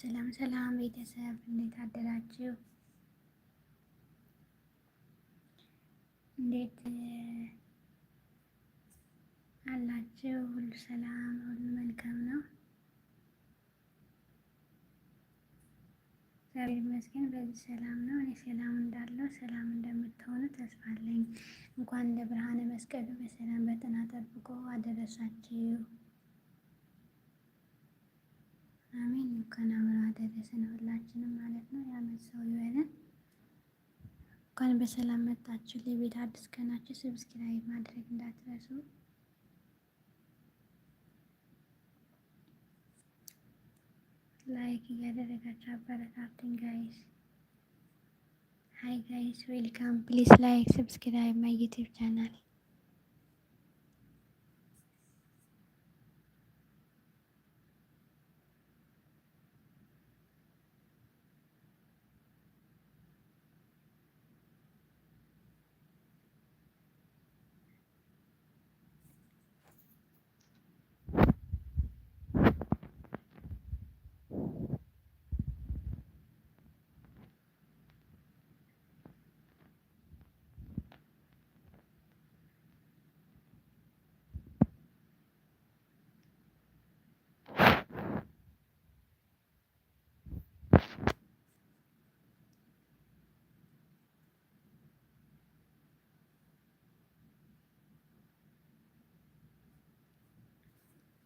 ሰላም ሰላም ቤተሰብ እንዴት አደራችሁ? እንዴት አላችሁ? ሁሉ ሰላም፣ ሁሉ መልካም ነው። እግዚአብሔር ይመስገን በዚህ ሰላም ነው። እኔ ሰላም እንዳለው ሰላም እንደምትሆኑ ተስፋ አለኝ። እንኳን ለብርሃነ መስቀሉ በሰላም በጤና ጠብቆ አደረሳችሁ። አሜን። እንኳን አብረው አደረሰን ሁላችንም ማለት ነው። የዓመት ሰው ይበለን። እንኳን በሰላም መጣችሁ። ለቤት አዲስ ከሆናችሁ ሰብስክራይብ ማድረግ እንዳትረሱ። ላይክ እያደረጋችሁ አበረታቱኝ ጋይስ። ሀይ ጋይስ ዌልካም። ፕሊስ ላይክ ሰብስክራይብ ማይ ዩቲዩብ ቻናል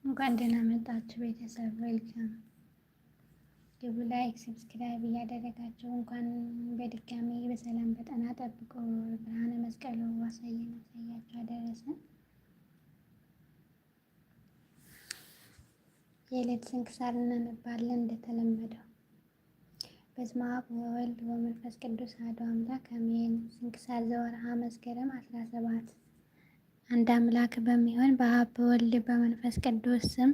እንኳን ደህና መጣችሁ ቤተሰብ። ዌልካም ግቡ፣ ላይክ ሰብስክራይብ እያደረጋችሁ እንኳን በድጋሚ በሰላም በጠና ጠብቆ ብርሃነ መስቀሉ አሳየን አሳያችሁ አደረሰን። የዕለት ስንክሳር እናነባለን እንደተለመደው። በስመ አብ ወወልድ ወመንፈስ ቅዱስ አሐዱ አምላክ አሜን። ስንክሳር ዘወርሃ መስከረም አስራ ሰባት አንድ አምላክ በሚሆን በአብ በወልድ በመንፈስ ቅዱስ ስም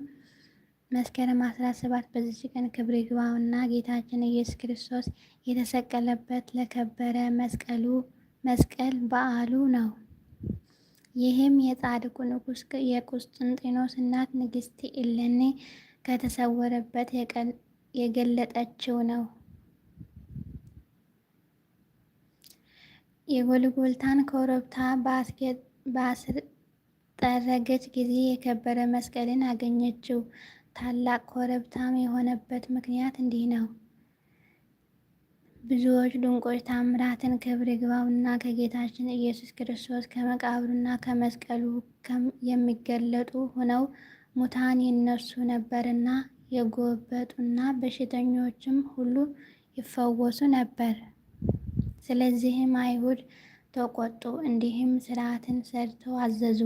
መስከረም አስራ ሰባት በዚች ቀን ክብር ይግባውና ጌታችን ኢየሱስ ክርስቶስ የተሰቀለበት ለከበረ መስቀሉ መስቀል በዓሉ ነው። ይህም የጻድቁ ንጉስ የቁስጥንጢኖስ እናት ንግሥት እሌኒ ከተሰወረበት የገለጠችው ነው። የጎልጎልታን ኮረብታ በአስጌጥ ባስጠረገች ጊዜ የከበረ መስቀልን አገኘችው። ታላቅ ኮረብታም የሆነበት ምክንያት እንዲህ ነው። ብዙዎች ድንቆች ታምራትን ክብር ይግባውና ከጌታችን ኢየሱስ ክርስቶስ ከመቃብሩና ከመስቀሉ የሚገለጡ ሆነው ሙታን ይነሱ ነበርና የጎበጡና በሽተኞችም ሁሉ ይፈወሱ ነበር። ስለዚህም አይሁድ ተቆጡ። እንዲህም ስርዓትን ሰርተው አዘዙ።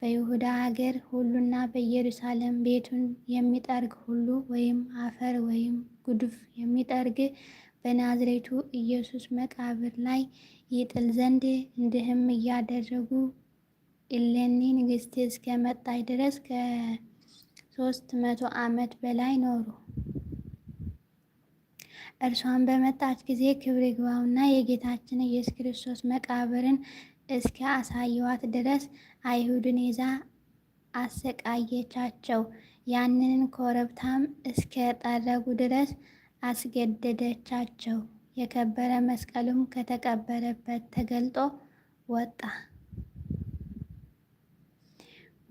በይሁዳ ሀገር ሁሉና በኢየሩሳሌም ቤቱን የሚጠርግ ሁሉ ወይም አፈር ወይም ጉድፍ የሚጠርግ በናዝሬቱ ኢየሱስ መቃብር ላይ ይጥል ዘንድ እንዲህም እያደረጉ እሌኒ ንግሥት እስከመጣች ድረስ ከሶስት መቶ ዓመት በላይ ኖሩ። እርሷን በመጣች ጊዜ ክብር ይግባውና የጌታችን ኢየሱስ ክርስቶስ መቃብርን እስከ አሳየዋት ድረስ አይሁድን ይዛ አሰቃየቻቸው። ያንንን ኮረብታም እስከ ጠረጉ ድረስ አስገደደቻቸው። የከበረ መስቀሉም ከተቀበረበት ተገልጦ ወጣ።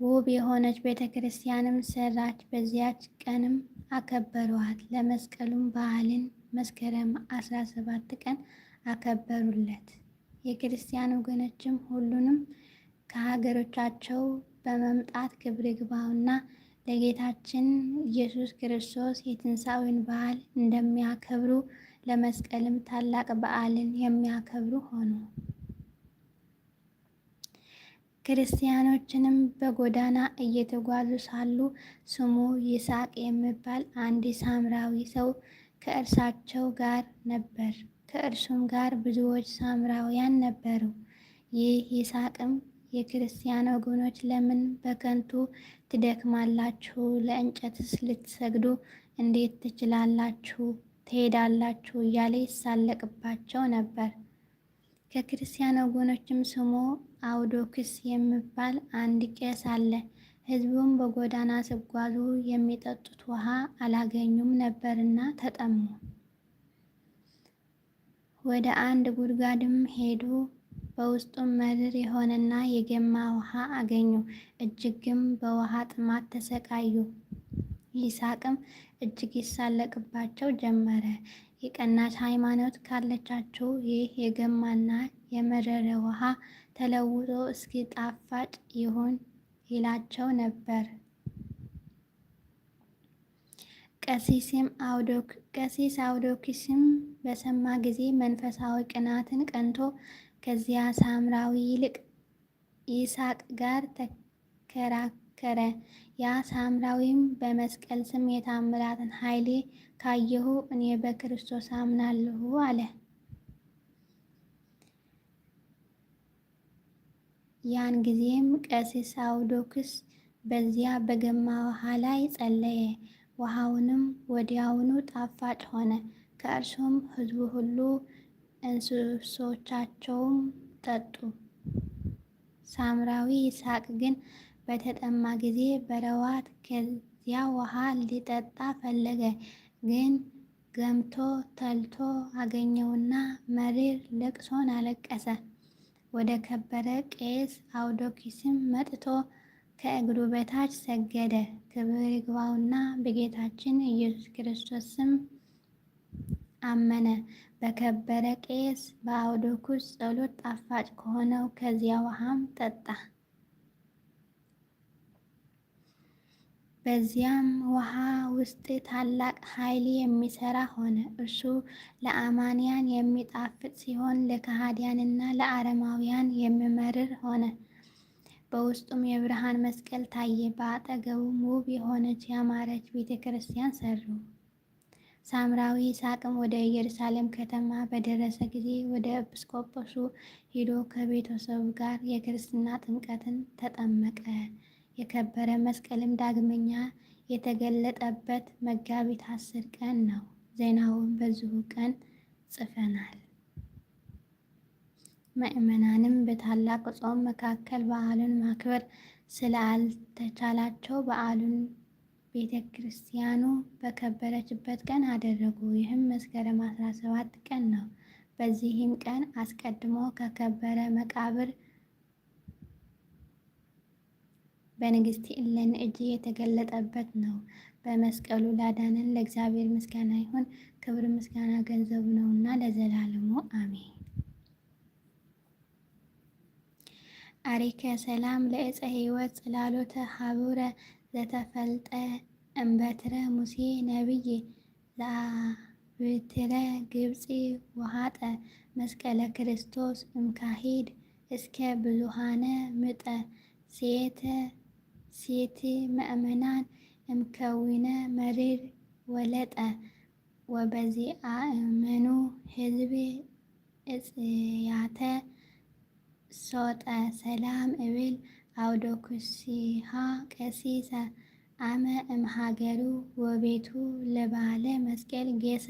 ውብ የሆነች ቤተ ክርስቲያንም ሰራች። በዚያች ቀንም አከበሯት። ለመስቀሉም በዓልን መስከረም 17 ቀን አከበሩለት። የክርስቲያን ወገኖችም ሁሉንም ከሀገሮቻቸው በመምጣት ክብር ይግባውና ለጌታችን ኢየሱስ ክርስቶስ የትንሣኤውን በዓል እንደሚያከብሩ ለመስቀልም ታላቅ በዓልን የሚያከብሩ ሆኑ። ክርስቲያኖችንም በጎዳና እየተጓዙ ሳሉ ስሙ ይስሐቅ የሚባል አንድ ሳምራዊ ሰው ከእርሳቸው ጋር ነበር። ከእርሱም ጋር ብዙዎች ሳምራውያን ነበሩ። ይህ ይሳቅም የክርስቲያን ወገኖች ለምን በከንቱ ትደክማላችሁ? ለእንጨትስ ልትሰግዱ እንዴት ትችላላችሁ? ትሄዳላችሁ እያለ ይሳለቅባቸው ነበር። ከክርስቲያን ወገኖችም ስሙ አውዶክስ የሚባል አንድ ቄስ አለ። ህዝቡም በጎዳና ሲጓዙ የሚጠጡት ውሃ አላገኙም ነበርና ተጠሙ። ወደ አንድ ጉድጓድም ሄዱ። በውስጡም መድር የሆነና የገማ ውሃ አገኙ። እጅግም በውሃ ጥማት ተሰቃዩ። ይሳቅም እጅግ ይሳለቅባቸው ጀመረ። የቀናች ሃይማኖት ካለቻቸው ይህ የገማና የመረረ ውሃ ተለውጦ እስኪ ጣፋጭ ይሆን ይላቸው ነበር። ቀሲስም አውዶክ ቀሲስ አውዶክስም በሰማ ጊዜ መንፈሳዊ ቅናትን ቀንቶ ከዚያ ሳምራዊ ይልቅ ይሳቅ ጋር ተከራከረ። ያ ሳምራዊም በመስቀል ስም የታምራትን ኃይሌ ካየሁ እኔ በክርስቶስ አምናለሁ አለ። ያን ጊዜም ቀሲስ አውዶክስ በዚያ በገማ ውሃ ላይ ጸለየ። ውሃውንም ወዲያውኑ ጣፋጭ ሆነ። ከእርሱም ሕዝቡ ሁሉ እንስሶቻቸውም ጠጡ። ሳምራዊ ይስሐቅ ግን በተጠማ ጊዜ በረዋት ከዚያ ውሃ ሊጠጣ ፈለገ። ግን ገምቶ ተልቶ አገኘውና መሪር ለቅሶን አለቀሰ። ወደ ከበረ ቄስ አውዶኪስም መጥቶ ከእግሩ በታች ሰገደ። ክብር ይግባውና በጌታችን ኢየሱስ ክርስቶስ ስም አመነ። በከበረ ቄስ በአውዶኩስ ጸሎት ጣፋጭ ከሆነው ከዚያ ውሃም ጠጣ። በዚያም ውሃ ውስጥ ታላቅ ኃይል የሚሰራ ሆነ። እርሱ ለአማንያን የሚጣፍጥ ሲሆን ለከሃዲያንና ለአረማውያን የሚመርር ሆነ። በውስጡም የብርሃን መስቀል ታየ። በአጠገቡም ውብ የሆነች ያማረች ቤተ ክርስቲያን ሰሩ። ሳምራዊ ይስሐቅም ወደ ኢየሩሳሌም ከተማ በደረሰ ጊዜ ወደ ኤጲስቆጶሱ ሂዶ ከቤተሰቡ ጋር የክርስትና ጥምቀትን ተጠመቀ። የከበረ መስቀልም ዳግመኛ የተገለጠበት መጋቢት አስር ቀን ነው። ዜናውን በዚሁ ቀን ጽፈናል። ምእመናንም በታላቅ ጾም መካከል በዓሉን ማክበር ስላልተቻላቸው በዓሉን ቤተ ክርስቲያኑ በከበረችበት ቀን አደረጉ። ይህም መስከረም 17 ቀን ነው። በዚህም ቀን አስቀድሞ ከከበረ መቃብር በንግሥት እለን እጅ የተገለጠበት ነው። በመስቀሉ ላዳነን ለእግዚአብሔር ምስጋና ይሁን። ክብር ምስጋና ገንዘቡ ነውና ለዘላለሙ አሜን። አሪከ ሰላም ለእፀ ሕይወት ጽላሎተ ሀቡረ ዘተፈልጠ እምበትረ ሙሴ ነቢይ ለአብትረ ግብፂ ወሃጠ መስቀለ ክርስቶስ እምካሂድ እስከ ብዙሃነ ምጠ ሴተ ሴት ምእመናን እምከዊነ መሪር ወለጠ ወበዚአእምኑ ህዝብ እጽያተ ሶጠ ሰላም እብል አውዶክሲሃ ቀሲሰ አመ እምሃገሩ ወቤቱ ለባለ መስቀል ጌሰ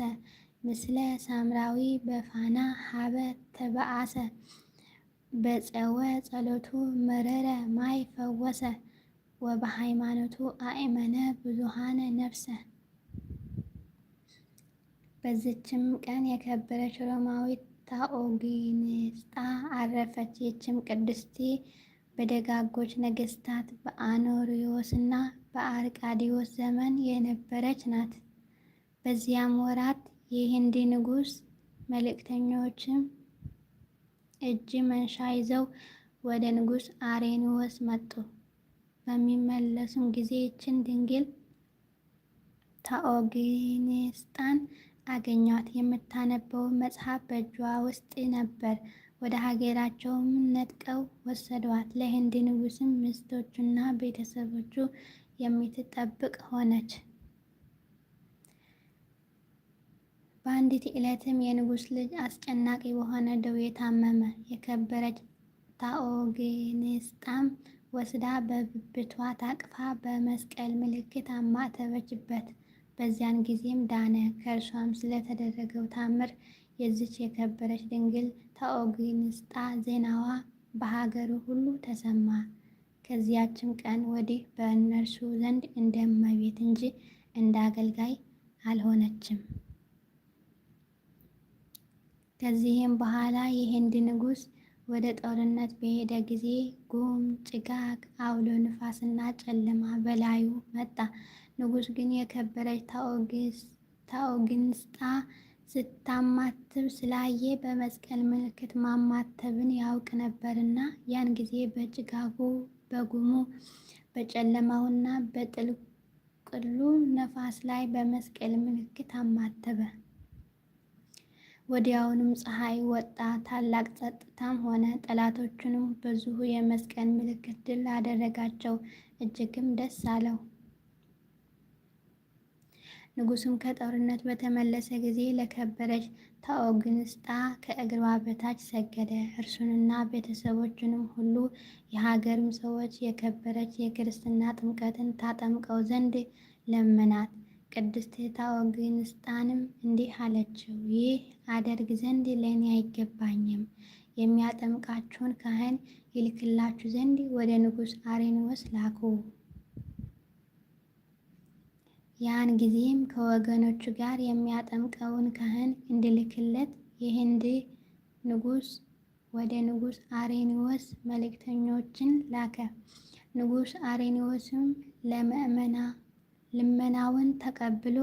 ምስለ ሳምራዊ በፋና ሀበ ተበአሰ በጸወ ጸሎቱ መረረ ማይ ፈወሰ ወበሃይማኖቱ አእመነ ብዙሃነ ነፍሰ። በዚችም ቀን የከበረች ሮማዊት ታኦጊንስጣ አረፈች። ይችም ቅድስት በደጋጎች ነገስታት በአኖሪዎስ እና በአርቃዲዎስ ዘመን የነበረች ናት። በዚያም ወራት የህንድ ንጉስ መልእክተኞችም እጅ መንሻ ይዘው ወደ ንጉስ አሬኒዎስ መጡ። በሚመለሱም ጊዜ ይችን ድንግል ታኦግኒስጣን አገኟት። የምታነበው መጽሐፍ በእጇ ውስጥ ነበር። ወደ ሀገራቸውም ነጥቀው ወሰዷት። ለህንድ ንጉስም ሚስቶቹና ቤተሰቦቹ የምትጠብቅ ሆነች። በአንዲት ዕለትም የንጉስ ልጅ አስጨናቂ በሆነ ደዌ ታመመ። የከበረች ታኦግኒስጣም ወስዳ በብብቷ ታቅፋ በመስቀል ምልክት አማተበችበት። በዚያን ጊዜም ዳነ። ከእርሷም ስለተደረገው ታምር የዚች የከበረች ድንግል ታኦግንስጣ ዜናዋ በሀገሩ ሁሉ ተሰማ። ከዚያችም ቀን ወዲህ በእነርሱ ዘንድ እንደ እመቤት እንጂ እንደ አገልጋይ አልሆነችም። ከዚህም በኋላ የህንድ ንጉሥ ወደ ጦርነት በሄደ ጊዜ ጉም፣ ጭጋግ፣ አውሎ ንፋስና ጨለማ በላዩ መጣ። ንጉሥ ግን የከበረች ታኦግንስጣ ስታማትብ ስላየ በመስቀል ምልክት ማማተብን ያውቅ ነበርና ያን ጊዜ በጭጋጉ በጉሙ በጨለማውና በጥልቅሉ ነፋስ ላይ በመስቀል ምልክት አማተበ። ወዲያውንም ፀሐይ ወጣ። ታላቅ ጸጥታም ሆነ። ጠላቶቹንም በዚሁ የመስቀል ምልክት ድል አደረጋቸው፣ እጅግም ደስ አለው። ንጉሱም ከጦርነት በተመለሰ ጊዜ ለከበረች ታኦግንስጣ ከእግሯ በታች ሰገደ። እርሱንና ቤተሰቦችንም ሁሉ የሀገርም ሰዎች የከበረች የክርስትና ጥምቀትን ታጠምቀው ዘንድ ለመናት። ቅድስት ታወግንስጣንም እንዲህ አለችው፣ ይህ አደርግ ዘንድ ለእኔ አይገባኝም። የሚያጠምቃችሁን ካህን ይልክላችሁ ዘንድ ወደ ንጉሥ አሬንወስ ላኩ። ያን ጊዜም ከወገኖቹ ጋር የሚያጠምቀውን ካህን እንድልክለት የህንድ ንጉሥ ወደ ንጉሥ አሬኒዎስ መልእክተኞችን ላከ። ንጉሥ አሬኒዎስም ለምእመና ልመናውን ተቀብሎ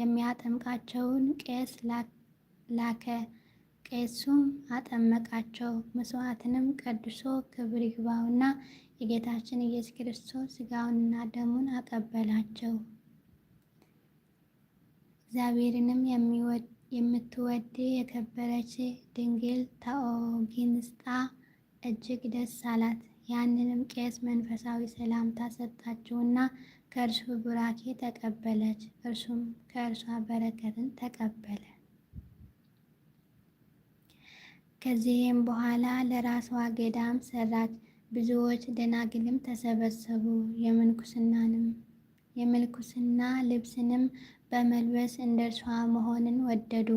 የሚያጠምቃቸውን ቄስ ላከ። ቄሱም አጠመቃቸው። መስዋዕትንም ቀድሶ ክብር ይግባውና የጌታችን ኢየሱስ ክርስቶስ ስጋውንና ደሙን አቀበላቸው። እግዚአብሔርንም የምትወድ የከበረች ድንግል ታኦጊንስጣ እጅግ ደስ አላት። ያንንም ቄስ መንፈሳዊ ሰላምታ ሰጣችውና ከእርሱ ቡራኬ ተቀበለች፣ እርሱም ከእርሷ በረከትን ተቀበለ። ከዚህም በኋላ ለራሷ ገዳም ሰራች። ብዙዎች ደናግልም ተሰበሰቡ። የምንኩስናንም የምንኩስና ልብስንም በመልበስ እንደ እርሷ መሆንን ወደዱ።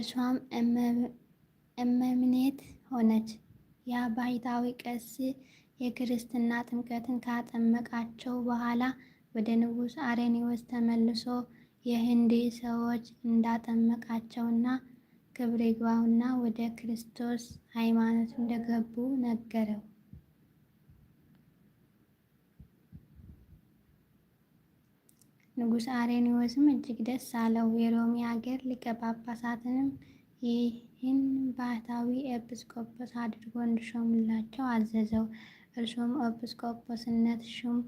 እርሷም እመምኔት ሆነች። ያ ባይታዊ ቀሲስ የክርስትና ጥምቀትን ካጠመቃቸው በኋላ ወደ ንጉስ አሬኒዎስ ተመልሶ የህንድ ሰዎች እንዳጠመቃቸውና ክብር ይግባውና ወደ ክርስቶስ ሃይማኖት እንደገቡ ነገረው። ንጉስ አሬኒዎስም እጅግ ደስ አለው። የሮሚ ሀገር ሊቀ ጳጳሳትንም ይህን ባህታዊ ኤጲስቆጶስ አድርጎ እንዲሾምላቸው አዘዘው። እርሱም ኤጲስቆጶስነት ሹም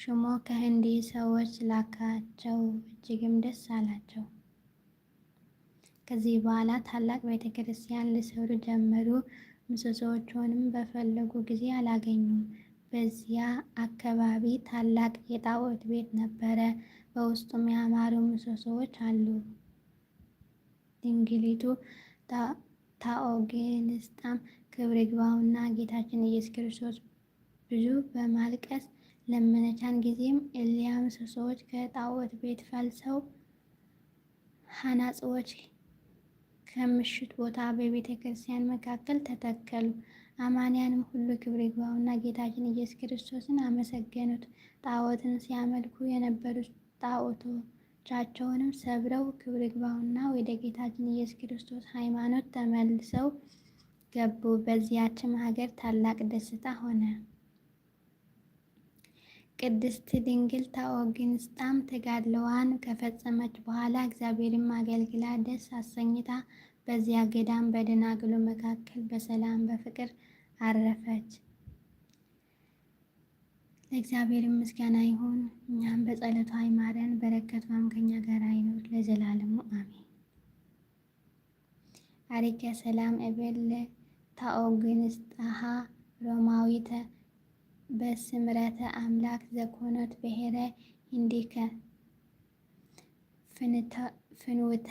ሹሞ ከህንዲ ሰዎች ላካቸው። እጅግም ደስ አላቸው። ከዚህ በኋላ ታላቅ ቤተ ክርስቲያን ሊሰሩ ጀመሩ። ምሰሶዎቹንም በፈለጉ ጊዜ አላገኙም። በዚያ አካባቢ ታላቅ የጣዖት ቤት ነበረ። በውስጡም ያማሩ ምሰሶዎች አሉ። ድንግሊቱ ታኦግንስጣም ክብር ግባውና ጌታችን ኢየሱስ ክርስቶስ ብዙ በማልቀስ ለመነቻን ጊዜም ኤልያም ሰዎች ከጣዖት ቤት ፈልሰው ሐናጽዎች ከምሽት ቦታ በቤተ ክርስቲያን መካከል ተተከሉ። አማንያንም ሁሉ ክብር ይግባውና ጌታችን ኢየሱስ ክርስቶስን አመሰገኑት። ጣዖትን ሲያመልኩ የነበሩ ጣዖቶቻቸውንም ሰብረው ክብር ይግባውና ወደ ጌታችን ኢየሱስ ክርስቶስ ሃይማኖት ተመልሰው ገቡ። በዚያችም ሀገር ታላቅ ደስታ ሆነ። ቅድስት ድንግል ተኦግንስጣም ተጋድለዋን ከፈጸመች በኋላ እግዚአብሔርን አገልግላ ደስ አሰኝታ በዚያ ገዳም በደናግሉ መካከል በሰላም በፍቅር አረፈች። ለእግዚአብሔር ምስጋና ይሁን። እኛም በጸሎቷ ይማረን፣ በረከቷም ከኛ ጋር አይኖር ለዘላለሙ አሜን። አሪከ ሰላም እብል ታኦግንስጣሃ ሮማዊተ በስምረተ አምላክ ዘኮነት ብሔረ እንዲከ ፍንውተ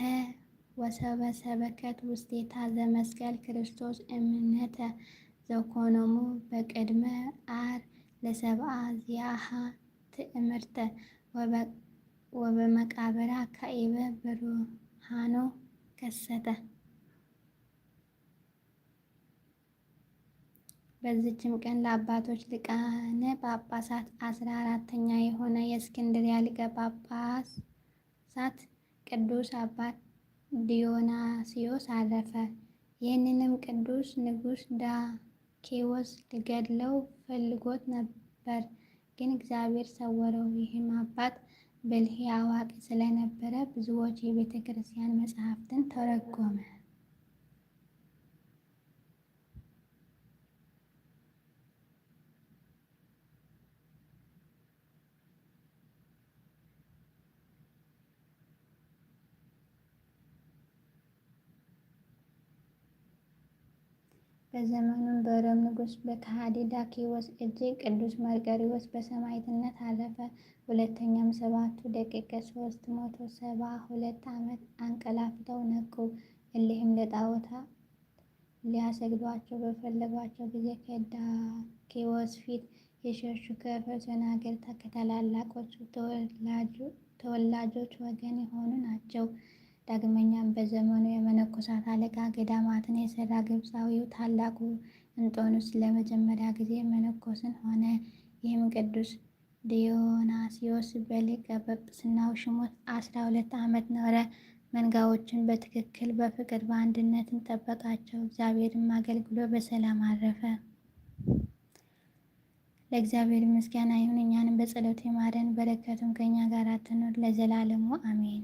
ወሰበሰበከት ሰበከት ውስቴታ ዘመስቀል ክርስቶስ እምነተ ዘኮኖሙ በቅድመ አር ለሰብአ ዚያሃ ትእምርተ ወበመቃብራ ካኢበ ብርሃኖ ከሰተ በዚችም ቀን ለአባቶች ሊቃነ ጳጳሳት አስራ አራተኛ የሆነ የእስክንድሪያ ሊቀ ጳጳሳት ቅዱስ አባት ዲዮናስዮስ አረፈ። ይህንንም ቅዱስ ንጉሥ ዳኬዎስ ሊገድለው ፈልጎት ነበር፣ ግን እግዚአብሔር ሰወረው። ይህም አባት ብልህ አዋቂ ስለነበረ ብዙዎች የቤተ ክርስቲያን መጽሐፍትን ተረጎመ። በዘመኑም በሮም ንጉስ በከሃዲ ዳኪዎስ እጅ ቅዱስ መርቀሪዎስ በሰማዕትነት አረፈ። ሁለተኛም ሰባቱ ደቂቀ ሶስት መቶ ሰባ ሁለት ዓመት አንቀላፍተው ነቁ። እሊህም ለጣዖታ ሊያሰግዷቸው በፈለጓቸው ጊዜ ከዳኪዎስ ፊት የሸሹ ከርዕሰ ሰናክል ከታላላቆቹ ተወላጆች ወገን የሆኑ ናቸው። ዳግመኛም በዘመኑ የመነኮሳት አለቃ ገዳማትን የሰራ ግብፃዊው ታላቁ እንጦንስ ለመጀመሪያ ጊዜ መነኮስን ሆነ። ይህም ቅዱስ ዲዮናስዮስ በሊቀ ጵጵስናው ሹመት አስራ ሁለት ዓመት ኖረ። መንጋዎችን በትክክል በፍቅር በአንድነትን ጠበቃቸው። እግዚአብሔርም አገልግሎ በሰላም አረፈ። ለእግዚአብሔር ምስጋና ይሁን። እኛንም በጸሎት ይማረን፣ በረከቱም ከኛ ጋር ትኑር ለዘላለሙ አሜን።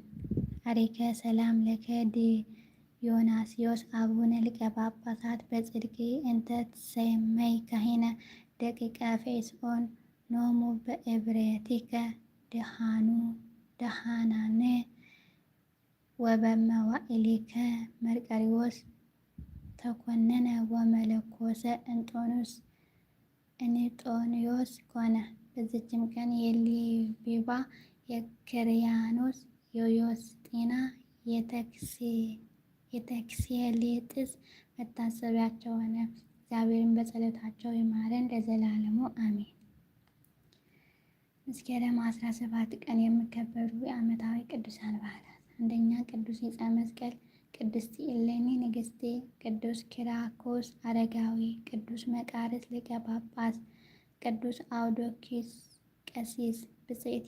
ታሪከ ሰላም ለከ ዲዮናስዮስ አቡነ ሊቀ ጳጳሳት በጽድቅ እንተ ትሰመይ ካህነ ደቂቀ ፌስኦን ኖሙ በእብሬቲከ ድሃኑ ደሃናነ ወበመዋዕሊከ መርቀሪዎስ ተኮነነ ወመለኮሰ እንጦንስ እንጦንዮስ ኮነ። በዚችም ቀን የሊቢባ የክርያኖስ የዮስጢና የተክሲያሊጥስ መታሰቢያቸው ሆነ። እግዚአብሔርን በጸሎታቸው ይማረን ለዘላለሙ አሜን። መስከረም 17 ቀን የሚከበሩ የዓመታዊ ቅዱሳን በዓላት፣ አንደኛ ቅዱስ ዕፀ መስቀል፣ ቅድስት ኢሌኒ ንግሥቴ፣ ቅዱስ ኪራኮስ አረጋዊ፣ ቅዱስ መቃርስ ሊቀ ጳጳስ፣ ቅዱስ አውዶኪስ ቀሲስ፣ ብጽዕት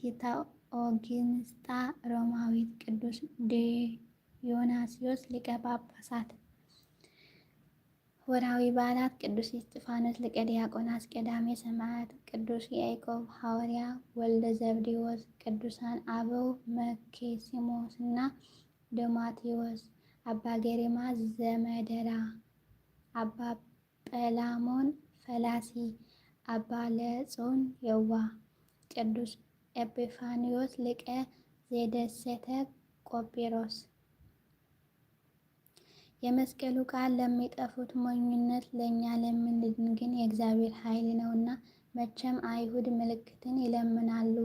ኦጊንስጣ ሮማዊት፣ ቅዱስ ዲዮናስዮስ ሊቀ ጳጳሳት። ወርሃዊ በዓላት፦ ቅዱስ እስጢፋኖስ ሊቀ ዲያቆናት፣ ቀዳሜ ሰማዕት፣ ቅዱስ ያዕቆብ ሐዋርያ፣ ወልደ ዘብዴዎስ። ቅዱሳን አበው እና ዶማቴዎስ፣ አባ ገሪማ ዘመደራ፣ አባ ጰላሞን ፈላሲ፣ አባ ለጾን የዋ ቅዱስ ኤጲፋንዮስ ሊቀ ዘደሰተ ቆጲሮስ። የመስቀሉ ቃል ለሚጠፉት ሞኝነት ለእኛ ለምንድን ግን የእግዚአብሔር ኃይል ነውና። መቼም አይሁድ ምልክትን ይለምናሉ፣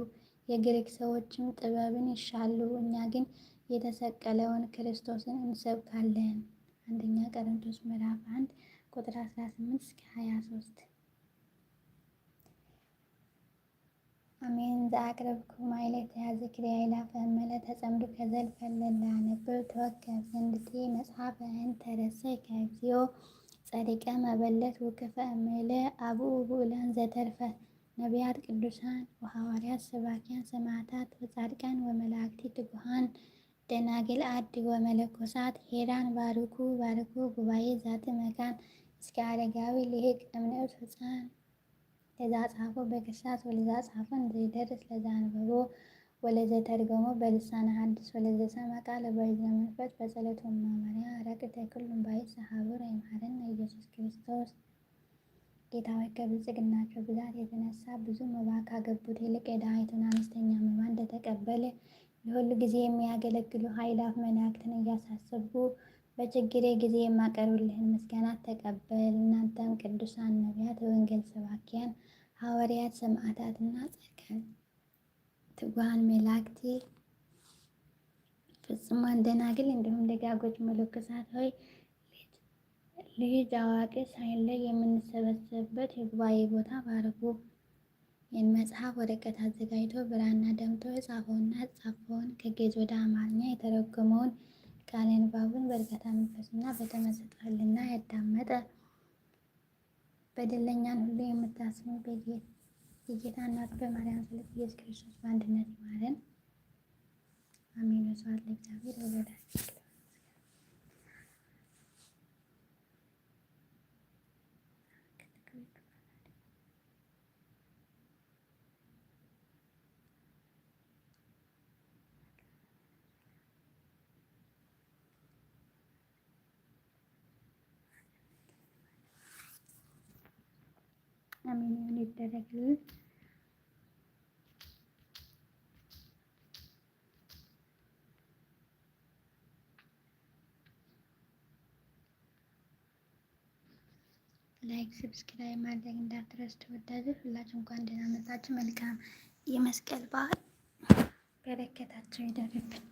የግሪክ ሰዎችም ጥበብን ይሻሉ፣ እኛ ግን የተሰቀለውን ክርስቶስን እንሰብካለን። አንደኛ ቆሮንቶስ ምዕራፍ 1 ቁጥር 18 እስከ 23 አሜን ዘአቅረብኩ ማይለት ዚክሪ አይላፈ መለ ተጸምዱ ከዘልፈ ለላ ነብብ ተወከብ ዘንድቲ መጽሐፈ እንተረሰይ ከግዚኦ ጸሪቀ መበለት ውክፈ እምለ አብኡ ብኡላን ዘተርፈ ነቢያት ቅዱሳን ወሐዋርያት ሰባኪያን ሰማዕታት ወጻድቃን ወመላእክቲ ትጉሃን ደናግል አድ ወመለኮሳት ሄራን ባርኩ ባርኩ ጉባኤ ዛት መካን እስከ አረጋዊ ልሂቅ እምንዑት ህፃን ለዛ ጻፎ በቅርሳስ ወለዛ ጻፎ ዘይደርስ ለዛ አንብቦ ወለዘ ተርገሞ በልሳነ ሐዲስ ወለዘ ሰማ ቃለ በእዝነ መንፈስ በጸሎት ማማርያ ረቅተ ኩሉም ባይ ሰሐቡር ይምሐረነ ኢየሱስ ክርስቶስ። ጌታ ሆይ ከብልጽግናቸው ብዛት የተነሳ ብዙ መባ ካገቡት ይልቅ የድሃይቱን አነስተኛ መባ እንደተቀበለ የሁሉ ጊዜ የሚያገለግሉ ኃይላት መላእክትን እያሳሰቡ በችግሬ ጊዜ የማቀርብልህን ምስጋናት ተቀበል። እናንተም ቅዱሳን ነቢያት፣ ወንጌል ሰባኪያን ሐዋርያት ሰማዕታትና ጻድቃን ትጉሃን መላእክት ፍጹማን ደናግል እንዲሁም ደጋጎች መነኮሳት ሆይ ልጅ አዋቂ ሳይለይ የምንሰበሰብበት የጉባኤ ቦታ ባርኩ። የመጽሐፍ ወረቀት አዘጋጅቶ ብራና ደምቶ የጻፈውና ያጻፈውን ከግዕዝ ወደ አማርኛ የተረጎመውን ቃለ ንባቡን በእርጋታ መንፈስና በተመስጦ ያዳመጠ በደለኛን ሁሉ የምታስኑ የጌታ እናት በማርያም ስለት ኢየሱስ ክርስቶስ በአንድነት ይማረን። አሜን። ስብሐት ለእግዚአብሔር ወለወላዲቱ ድንግል ይደረግልን። ላይክ ሰብስክራይብ ማድረግ እንዳትረስ ተወዳጆች ሁላችሁ እንኳን ደህና መጣችሁ። መልካም የመስቀል በዓል በረከታቸው ይደርብን።